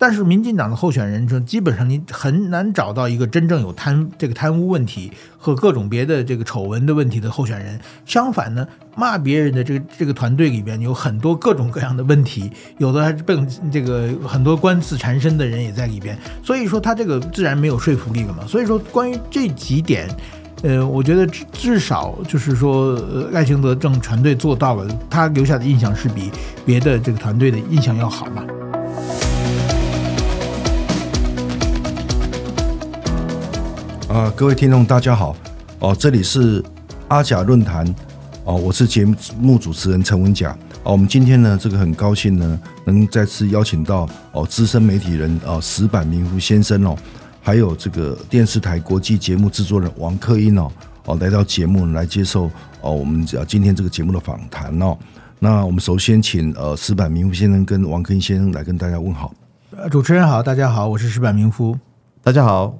但是民進黨的候選人中，基本上你很難找到一個真正有貪這個貪污問題和各種別的這個醜聞的問題的候選人。相反呢，罵別人的這個這個團隊裡邊有很多各種各樣的問題，有的還是被這個很多官司纏身的人也在裡邊。所以說他這個自然沒有說服力了嘛。所以說關於這幾點，呃，我覺得至少就是說，呃，賴清德政團隊做到了，他留下的印象是比別的這個團隊的印象要好嘛。啊、呃，各位聽眾，大家好哦！這裡是阿甲論壇哦，我是節目主持人陳文甲哦。我們今天呢，這個很高興呢，能再次邀請到哦資深媒體人哦矢板明夫先生哦，還有這個電視台國際節目製作人王克殷哦哦來到節目來接受哦我們呃今天這個節目的訪談哦。那我們首先請呃矢板明夫先生跟王克殷先生來跟大家問好。呃，主持人好，大家好，我是矢板明夫，大家好。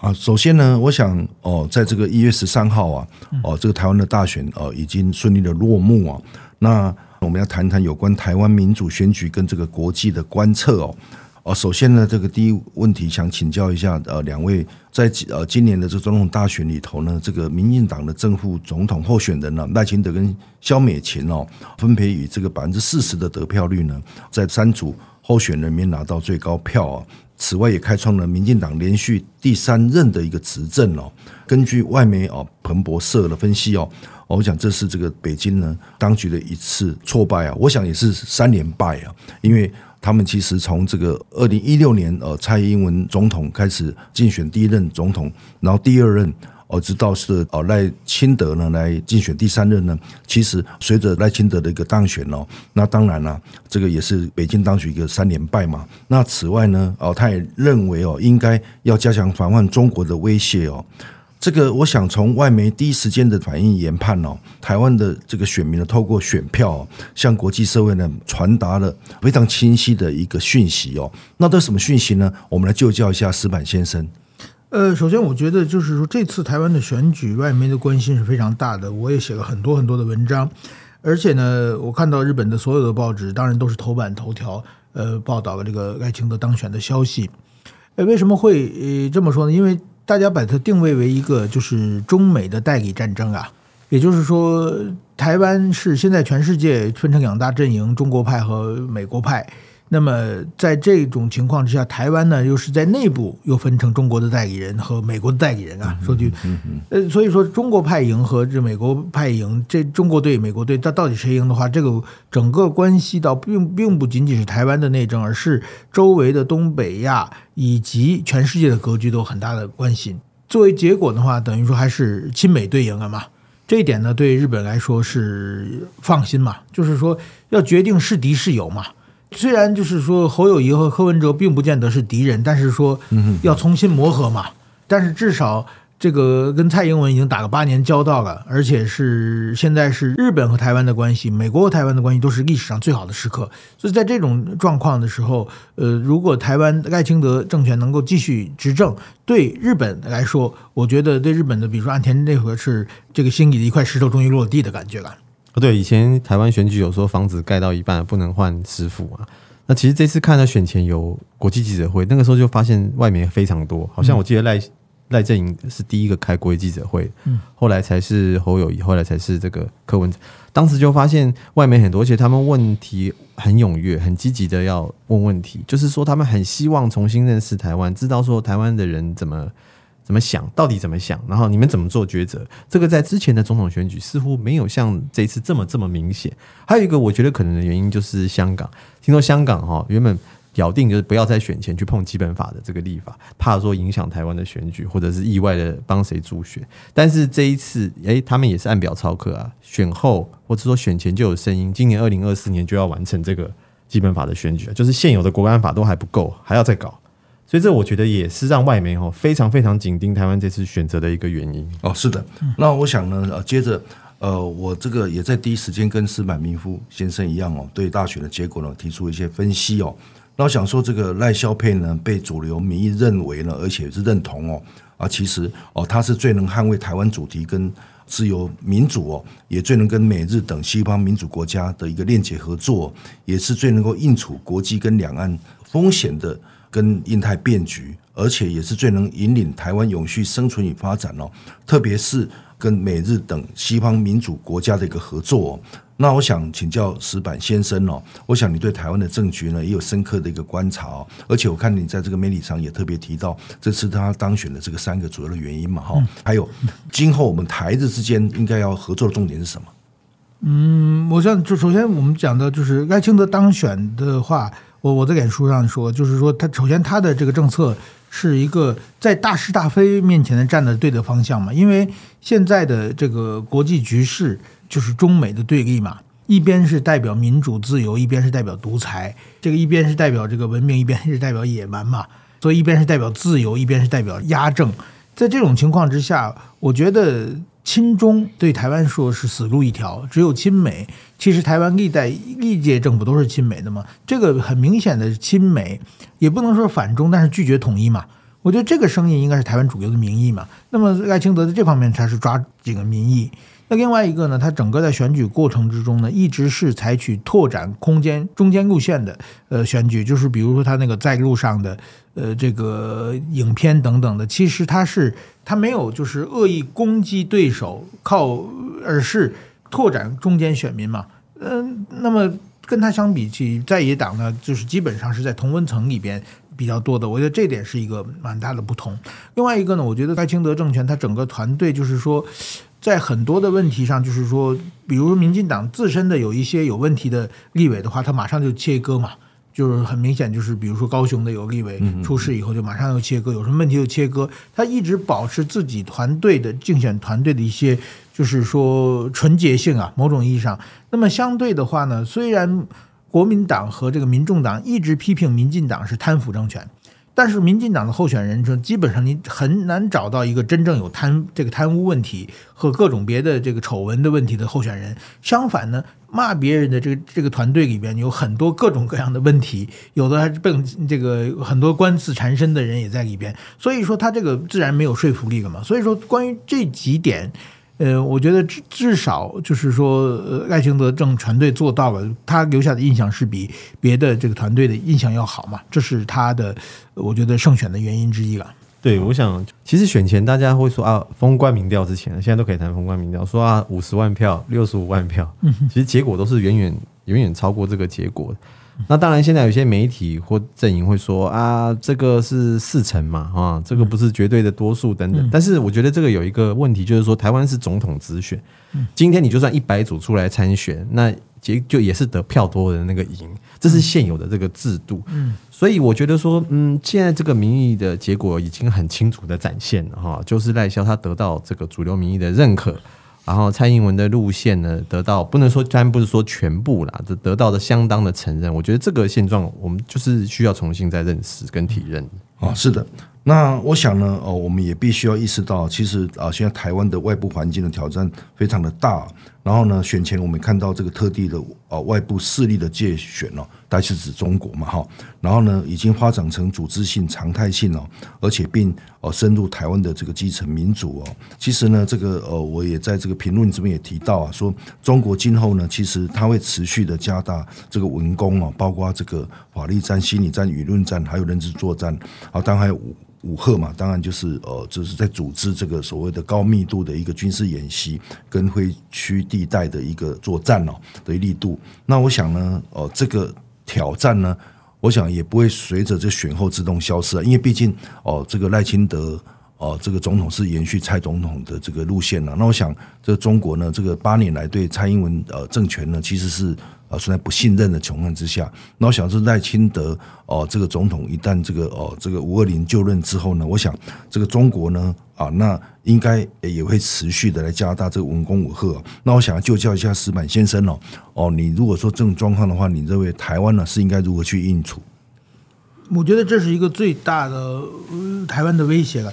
啊，首先呢，我想哦，在這個一月十三號啊，哦，這個台灣的大選啊已經順利的落幕啊。那我們要談談有關台灣民主選舉跟這個國際的觀測哦。哦，首先呢，這個第一問題想請教一下呃兩位，在呃今年的這個總統大選裡頭呢，這個民進黨的正副總統候選人呢賴清德跟蕭美琴哦，分別以這個百分之四十的得票率呢，在三組。候選人呢拿到最高票啊，此外也開創了民進黨連續第三任的一個執政哦。根據外媒彭博社的分析哦，我想這是這個北京呢當局的一次挫敗啊，我想也是三連敗啊，因為他們其實從這個二零一六年呃蔡英文總統開始競選第一任總統，然後第二任。我知道是哦，賴清德呢來競選第三任呢。其實隨着賴清德的一個當選哦，那當然啦、啊，這個也是北京當局一個三連敗嘛。那此外呢，哦，他也認為哦，應該要加強防範中國的威脅哦。這個我想從外媒第一時間的反應研判哦，台灣的這個選民呢，透過選票、哦、向國際社會呢傳達了非常清晰的一個訊息哦。那都什麼訊息呢？我們來就教一下矢板先生。呃，首先我覺得就是說，這次台灣的選舉，外媒的關心是非常大的。我也寫了很多很多的文章，而且呢，我看到日本的所有的報紙，當然都是頭版頭條，呃，報道了這個賴清德當選的消息。呃，為什麼會呃這麼說呢？因為大家把它定位為一個就是中美的代理戰爭啊，也就是說，台灣是現在全世界分成兩大陣營，中國派和美國派。那麼，在這種情況之下，台灣呢又是在內部又分成中國的代理人和美國的代理人啊。說句，嗯、呃，所以說中國派贏和這美國派贏，這中國隊、美國隊，到到底誰贏的話，這個整個關係到並並不僅僅是台灣的內政，而是周圍的東北亞以及全世界的格局都有很大的關係。作為結果的話，等於說還是親美隊贏了嘛？這一點呢，對日本來說是放心嘛？就是說要決定是敵是友嘛？雖然就是說侯友宜和柯文哲並不見得是敵人，但是說要重新磨合嘛。但是至少這個跟蔡英文已經打了八年交道了，而且是現在是日本和台灣的關係，美國和台灣的關係都是歷史上最好的時刻。所以在這種狀況的時候，呃，如果台灣賴清德政權能夠繼續執政，對日本來說，我覺得對日本的，比如說岸田內閣是這個心裡的一塊石頭終於落地的感覺了。啊，對，以前台灣選舉有說房子蓋到一半不能換師傅啊。那其實這次看到選前有國際記者會，那個時候就發現外媒非常多，好像我記得賴賴陣營是第一個開國際記者會，嗯、後來才是侯友宜，後來才是這個柯文，當時就發現外媒很多，而且他們問題很踴躍，很積極的要問問題，就是說他們很希望重新認識台灣，知道說台灣的人怎麼。怎麼想？到底怎麼想？然後你們怎麼做抉擇？這個在之前的總統選舉似乎沒有像這一次這麼這麼明顯。還有一個我覺得可能的原因就是香港，聽說香港哈原本咬定就是不要再選前去碰基本法的這個立法，怕說影響台灣的選舉，或者是意外的幫誰助選。但是這一次，誒、欸，他們也是按表操課啊，選後或者說選前就有聲音，今年二零二四年就要完成這個基本法的選舉了，就是現有的國安法都還不夠，還要再搞。所以這我覺得也是讓外媒哈非常非常緊盯台灣這次選擇的一個原因哦。是的，嗯、那我想呢，呃，接着，呃，我這個也在第一時間跟矢板明夫先生一樣哦、喔，對大選的結果呢提出一些分析哦、喔。那我想說這個賴蕭配呢被主流民意認為呢，而且是認同哦、喔，啊，其實哦、喔，他是最能捍衛台灣主題跟自由民主哦、喔，也最能跟美日等西方民主國家的一個鏈接合作、喔，也是最能夠應處國際跟兩岸風險的。跟印太變局，而且也是最能引領台灣永續生存與發展哦。特別是跟美日等西方民主國家的一個合作、哦。那我想請教矢板先生哦，我想你對台灣的政局呢也有深刻的一個觀察哦。而且我看你在這個媒體上也特別提到這次他當選的這個三個主要的原因嘛哈。嗯嗯、還有今後我們台日之間應該要合作的重點是什麼？嗯，我想就首先我們講的就是賴清德當選的話。我在臉書上說，就是說他首先他的這個政策是一個在大是大非面前的站的對的方向嘛，因為現在的這個國際局勢就是中美的對立嘛，一邊是代表民主自由，一邊是代表獨裁，這個一邊是代表這個文明，一邊是代表野蠻嘛，所以一邊是代表自由，一邊是代表壓政，在這種情況之下，我覺得。親中對台灣說是死路一條，只有親美。其實台灣歷代歷屆政府都是親美的嘛，這個很明顯的親美，也不能說反中，但是拒絕統一嘛。我覺得這個聲音應該是台灣主流的民意嘛。那麼賴清德在這方面他是抓這個民意。那另外一個呢，他整個在選舉過程之中呢，一直是採取拓展空間中間路線的呃選舉，就是比如說他那個在路上的呃這個影片等等的，其實他是他沒有就是惡意攻擊對手，靠而是拓展中間選民嘛。嗯，那麼跟他相比起，在野黨呢，就是基本上是在同溫層裡邊。比較多的，我覺得這點是一個蠻大的不同。另外一個呢，我覺得賴清德政權他整個團隊就是說，在很多的問題上，就是說，比如民進黨自身的有一些有問題的立委的話，他馬上就切割嘛，就是很明顯，就是比如說高雄的有立委出事以後，就馬上要切割，嗯嗯嗯有什麼問題就切割。他一直保持自己團隊的競選團隊的一些，就是說純潔性啊，某種意義上。那麼相對的話呢，雖然。國民黨和這個民眾黨一直批評民進黨是貪腐政權，但是民進黨的候選人說，基本上你很難找到一個真正有貪這個貪污問題和各種別的這個醜聞的問題的候選人。相反呢，罵別人的這個這個團隊裡邊有很多各種各樣的問題，有的還是被這個很多官司纏身的人也在裡邊。所以說他這個自然沒有說服力了嘛。所以說關於這幾點。呃，我覺得至至少就是說，賴、呃、清德政團隊做到了，他留下的印象是比別的這個團隊的印象要好嘛，這是他的，我覺得勝選的原因之一吧。對，我想其實選前大家會說啊，封關民調之前，現在都可以談封關民調，說啊五十萬票、六十五萬票，其實結果都是遠遠遠遠超過這個結果。那當然，現在有些媒體或陣營會說啊，這個是四成嘛，哈，這個不是絕對的多數等等。嗯、但是我覺得這個有一個問題，就是說台灣是總統直選，嗯、今天你就算一百組出來參選，那結就也是得票多的那個贏，這是現有的這個制度。嗯、所以我覺得說，嗯，現在這個民意的結果已經很清楚的展現了哈，就是賴蕭他得到這個主流民意的認可。然後蔡英文的路線呢，得到不能說，當然不是說全部啦，得得到的相當的承認。我覺得這個現狀，我們就是需要重新再認識跟體認啊。哦、是的，那我想呢，哦，我們也必須要意識到，其實啊、呃，現在台灣的外部環境的挑戰非常的大。然後呢，選前我們看到這個特地的呃外部勢力的介選哦，當然是指中國嘛哈。然後呢，已經發展成組織性、常態性哦、喔，而且並呃深入台灣的這個基層民主哦、喔。其實呢，這個呃我也在這個評論這邊也提到啊，說中國今後呢，其實它會持續的加大這個文攻啊、喔，包括這個法律戰、心理戰、輿論戰，還有認知作戰啊，當然還有武武嚇嘛。當然就是呃，就是在組織這個所謂的高密度的一個軍事演習，跟灰區。地帶的一個作戰了的力度，那我想呢，哦，這個挑戰呢，我想也不會隨着這選後自動消失啊，因為畢竟哦，這個賴清德。哦，這個總統是延續蔡總統的這個路線了、啊。那我想，這個中國呢，這個八年來對蔡英文呃政權呢，其實是呃存在不信任的窘況之下。那我想是賴清德哦，這個總統一旦這個哦這個五二零就任之後呢，我想這個中國呢啊，那應該也會持續的來加大這個文攻武嚇、啊。那我想要就教一下矢板先生哦，哦，你如果說這種狀況的話，你認為台灣呢是應該如何去應處？我覺得這是一個最大的、呃、台灣的威脅了。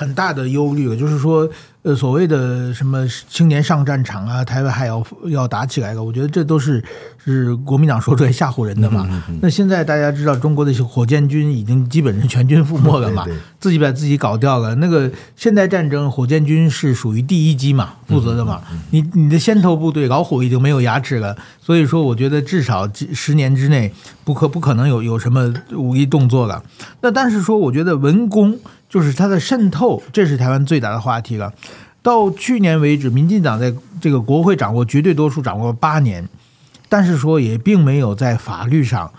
很大的憂慮，就是說，呃，所謂的什麼青年上戰場啊，台灣還要要打起來了，我覺得這都是是國民黨說出來嚇唬人的嘛。嗯、哼哼那現在大家知道，中國的火箭軍已經基本是全軍覆沒了嘛，嗯、哼哼自己把自己搞掉了。那個現代戰爭，火箭軍是屬於第一機嘛，負責的嘛。嗯、哼哼你你的先頭部隊老虎已經沒有牙齒了，所以說，我覺得至少十年之內不可不可能有有什麼武力動作了。那但是說，我覺得文攻。就是它的滲透，這是台灣最大的話題了。到去年為止，民進黨在這個國會掌握絕對多數，掌握八年，但是說也並沒有在法律上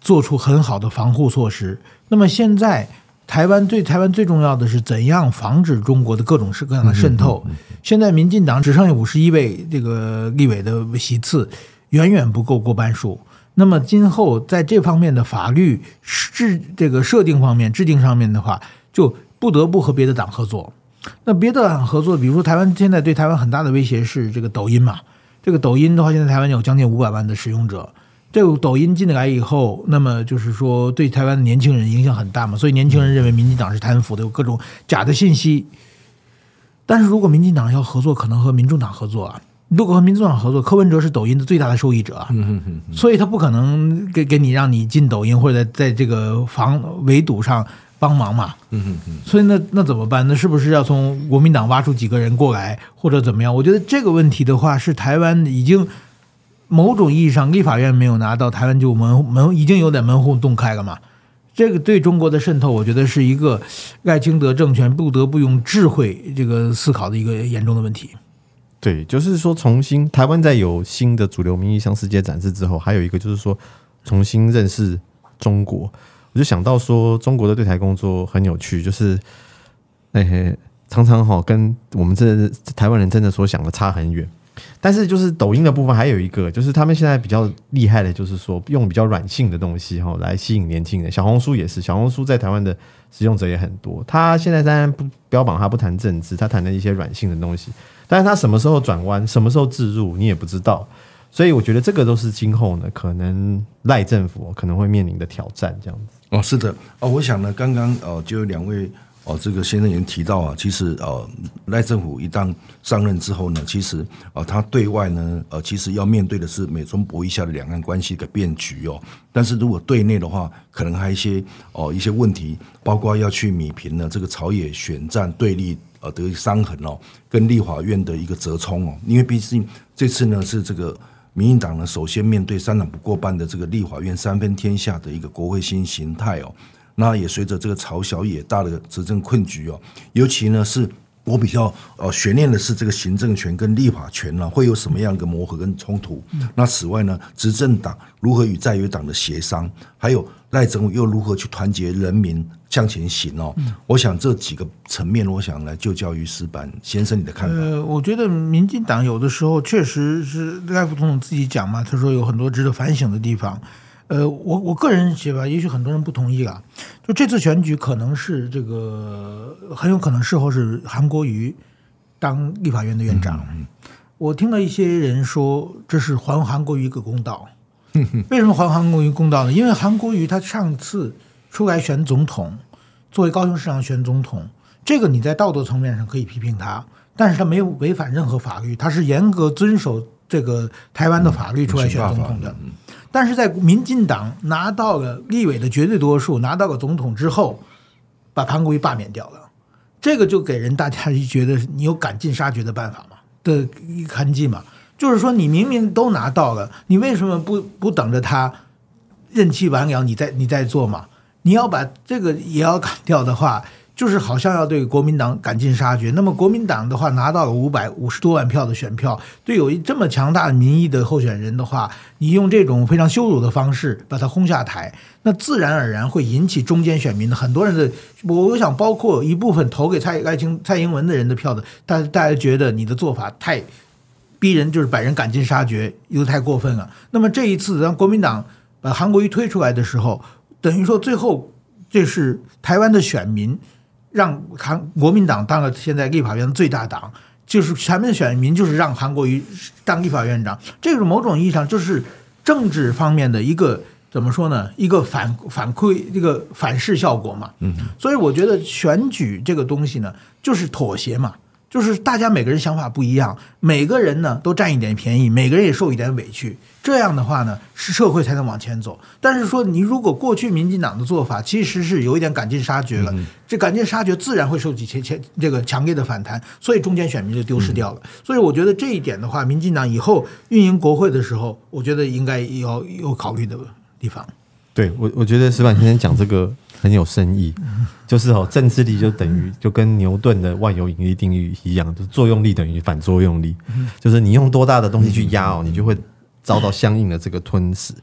做出很好的防護措施。那麼現在，台灣對台灣最重要的是怎樣防止中國的各種各樣的滲透？現在民進黨只剩下五十一位這個立委的席次，遠遠不夠過半數。那麼今後在這方面的法律制這個設定方面、制定上面的話。就不得不和別的黨合作，那別的黨合作，比如說台灣現在對台灣很大的威脅是這個抖音嘛。這個抖音的話，現在台灣有將近五百萬的使用者。這個抖音進來以後，那麼就是說對台灣的年輕人影響很大嘛。所以年輕人認為民進黨是貪腐的，有各種假的信息。但是如果民進黨要合作，可能和民眾黨合作啊。如果和民眾黨合作，柯文哲是抖音的最大的受益者，所以他不可能給給你讓你進抖音或者在這個防圍堵上。幫忙嘛，嗯嗯嗯，所以那那怎麼辦呢？那是不是要從國民黨挖出幾個人過來，或者怎麼樣？我覺得這個問題的話，是台灣已經某種意義上立法院沒有拿到，台灣就門門已經有點門戶洞開了嘛。這個對中國的滲透，我覺得是一個賴清德政權不得不用智慧這個思考的一個嚴重的問題。對，就是說重新台灣在有新的主流民意向世界展示之後，還有一個就是說重新認識中國。我就想到說，中國的對台工作很有趣，就是、欸、嘿常常哈跟我們這台灣人真的所想的差很遠。但是，就是抖音的部分還有一個，就是他們現在比較厲害的，就是說用比較軟性的東西哈來吸引年輕人。小紅書也是，小紅書在台灣的使用者也很多。他現在當然不標榜他不談政治，他談了一些軟性的東西，但是他什麼時候轉彎，什麼時候置入，你也不知道。所以我覺得這個都是今後呢，可能賴政府、哦、可能會面臨的挑戰，這樣子哦，是的哦，我想呢，剛剛哦，就有兩位哦、呃，這個先生已經提到啊，其實哦，賴、呃、政府一旦上任之後呢，其實啊、呃，他對外呢，呃，其實要面對的是美中博弈下的兩岸關係的變局哦，但是如果對內的話，可能還有一些哦、呃，一些問題，包括要去彌平呢這個朝野選戰對立呃的傷痕哦，跟立法院的一個折衝哦，因為畢竟這次呢是這個。民進黨呢，首先面對三黨不過半的這個立法院三分天下的一個國會新形態哦，那也隨着這個朝小野大的執政困局哦，尤其呢是我比較呃懸念的是這個行政權跟立法權呢會有什麼樣的磨合跟衝突？嗯、那此外呢，執政黨如何與在野黨的協商，還有。賴總又如何去團結人民向前行哦？嗯、我想這幾個層面，我想來就教於矢板先生你的看法、呃。我覺得民進黨有的時候確實是賴副總統自己講嘛，他說有很多值得反省的地方。呃，我我個人寫吧，也許很多人不同意啊。就這次選舉，可能是這個很有可能事後是韓國瑜當立法院的院長。嗯嗯，我聽到一些人說，這是還韓國瑜一個公道。為什麼還韓國瑜公道呢？因為韓國瑜他上次出來選總統，作為高雄市長選總統，這個你在道德層面上可以批評他，但是他沒有違反任何法律，他是嚴格遵守這個台灣的法律出來選總統的。嗯、的但是在民進黨拿到了立委的絕對多數，拿到了總統之後，把韓國瑜罷免掉了，這個就給人大家就覺得你有趕盡殺絕的辦法嘛的痕跡嘛。就是說，你明明都拿到了，你為什麼不不等着他任期完了，你再你再做嘛？你要把這個也要砍掉的話，就是好像要對國民黨趕盡殺絕。那麼國民黨的話，拿到了五百五十多萬票的選票，對有一這麼強大民意的候選人的話，你用這種非常羞辱的方式把他轟下台，那自然而然會引起中間選民的很多人的，我我想包括一部分投給蔡愛清蔡英文的人的票的，大家大家覺得你的做法太。逼人就是把人趕盡殺絕，又太過分了。那麼這一次，讓國民黨把韓國瑜推出來的時候，等於說最後這是台灣的選民讓韓國民黨當了現在立法院的最大黨，就是全面選民就是讓韓國瑜當立法院長。這個某種意義上就是政治方面的一個怎麼說呢？一個反反饋、一個反噬效果嘛。嗯哼。所以我覺得選舉這個東西呢，就是妥協嘛。就是大家每個人想法不一樣，每個人呢都占一點便宜，每個人也受一點委屈。這樣的話呢，是社會才能往前走。但是說，你如果過去民進黨的做法，其實是有一點趕盡殺絕了。嗯、這趕盡殺絕，自然會受幾千千這個強烈的反彈，所以中間選民就丟失掉了。嗯、所以我覺得這一點的話，民進黨以後運營國會的時候，我覺得應該要有，有考慮的地方。對，我我覺得矢板先生講這個。嗯很有深意，就是哦，政治力就等於就跟牛頓的萬有引力定律一樣，就作用力等於反作用力，就是你用多大的東西去壓哦，你就會遭到相應的這個吞噬。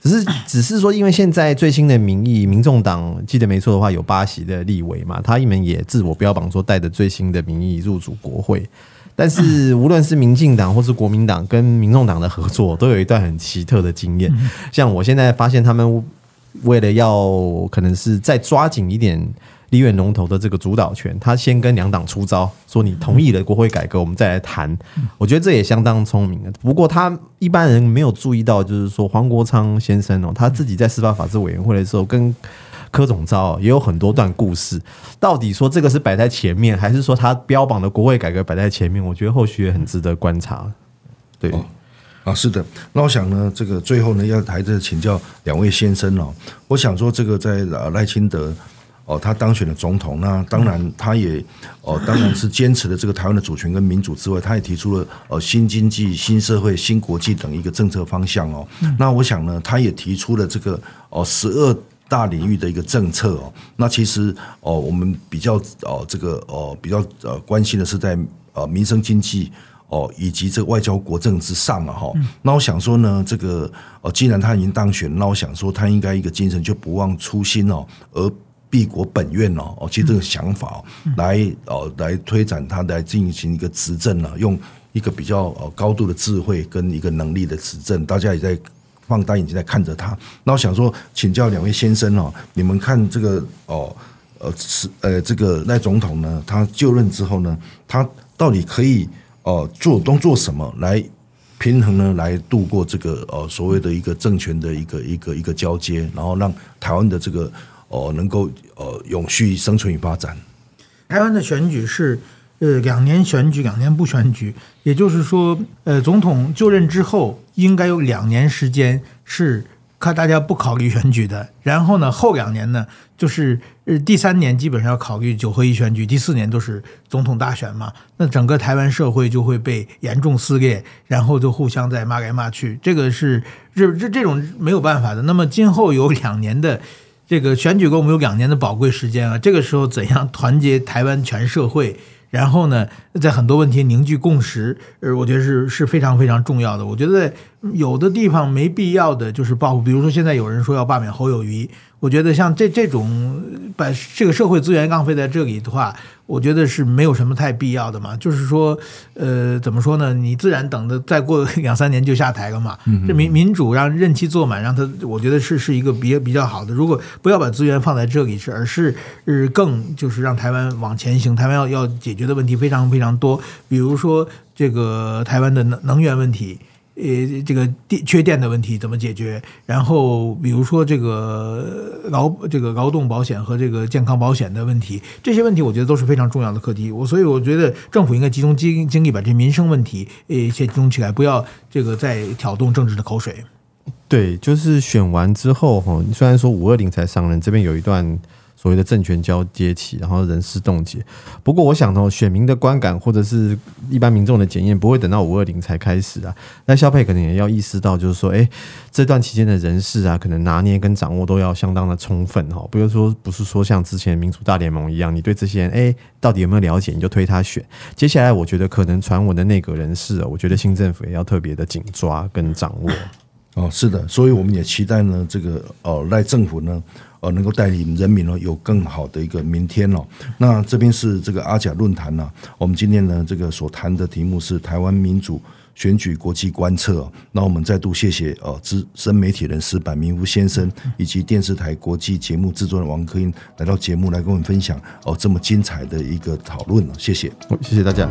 只是只是說，因為現在最新的民意，民眾黨記得沒錯的話，有八席的立委嘛，他一門也自我標榜說帶着最新的民意入主國會。但是無論是民進黨或是國民黨跟民眾黨的合作，都有一段很奇特的經驗。像我現在發現他們。為了要可能是再抓緊一點立院龍頭的這個主導權，他先跟兩黨出招，說，你同意了國會改革，我們再來談。嗯。我覺得這也相當聰明的，不過他一般人沒有注意到，就是說黃國昌先生哦，他自己在司法法制委員會的時候跟柯總召也有很多段故事。到底說這個是擺在前面，還是說他標榜的國會改革擺在前面？我覺得後續也很值得觀察。對。哦啊，是的，那我想呢，這個最後呢，要還是請教兩位先生哦。我想說，這個在賴清德哦，他當選了總統，那當然他也哦，當然是堅持了這個台灣的主權跟民主之外，他也提出了呃、哦、新經濟、新社會、新國際等一個政策方向哦。嗯、那我想呢，他也提出了這個哦十二大領域的一個政策哦。那其實哦，我們比較哦這個哦比較呃關心的是在呃民生經濟。哦，以及這個外交國政之上了哈，嗯、那我想說呢，這個哦，既然他已經當選，那我想說他應該一個精神就不忘初心哦，而畢國本願哦哦，其實這個想法、嗯嗯、來哦來推展他來進行一個執政呢，用一個比較高度的智慧跟一個能力的執政，大家也在放大眼睛在看着他，那我想說，請教兩位先生哦，你們看這個哦呃是呃這個賴總統呢，他就任之後呢，他到底可以？哦、呃，做都做什麼來平衡呢？來度過這個呃所謂的一個政權的一個一個一個交接，然後讓台灣的這個呃能夠呃永續生存與發展。台灣的選舉是呃兩年選舉，兩年不選舉，也就是說，呃總統就任之後應該有兩年時間是。看大家不考慮選舉的，然後呢，後兩年呢，就是、呃、第三年基本上要考慮九合一選舉，第四年都是總統大選嘛。那整個台灣社會就會被嚴重撕裂，然後就互相在罵來罵去，這個是這這這種沒有辦法的。那麼今後有兩年的這個選舉，跟我們有兩年的寶貴時間啊，這個時候怎樣團結台灣全社會？然後呢，在很多問題凝聚共識，呃，我覺得是是非常非常重要的。我覺得有的地方沒必要的就是報復，比如說現在有人說要罷免侯友宜。我覺得像這這種把這個社會資源浪費在這裡的話，我覺得是沒有什麼太必要的嘛。就是說，呃，怎麼說呢？你自然等的再過兩三年就下台了嘛。這民民主讓任期做滿，讓他我覺得是是一個比比較好的。如果不要把資源放在這裡是，而是更就是讓台灣往前行。台灣要要解決的問題非常非常多，比如說這個台灣的能能源問題。呃，這個電缺電的問題怎麼解決？然後比如說這個勞這個勞動保險和這個健康保險的問題，這些問題我覺得都是非常重要的課題。我所以我覺得政府應該集中精精力把這些民生問題呃先集中起來，不要這個再挑動政治的口水。對，就是選完之後哈，雖然說五二零才上任，這邊有一段。所謂的政權交接期，然後人事凍結。不過，我想呢、哦，選民的觀感或者是一般民眾的檢驗，不會等到五二零才開始啊。那蕭配可能也要意識到，就是說，哎、欸，這段期間的人事啊，可能拿捏跟掌握都要相當的充分哈、哦。不是說不是說像之前民主大聯盟一樣，你對這些人哎、欸、到底有沒有了解，你就推他選。接下來，我覺得可能傳聞的內閣人事啊、哦，我覺得新政府也要特別的緊抓跟掌握。哦，是的，所以我們也期待呢，這個呃，賴政府呢，呃，能夠帶領人民呢、哦，有更好的一個明天哦，那這邊是這個阿甲論壇呢、啊，我們今天呢，這個所談的題目是台灣民主選舉國際觀測、哦。那我們再度謝謝呃、哦、資深媒體人矢板明夫先生，以及電視台國際節目製作人王克殷來到節目來跟我們分享哦這麼精彩的一個討論謝謝、哦，謝謝大家。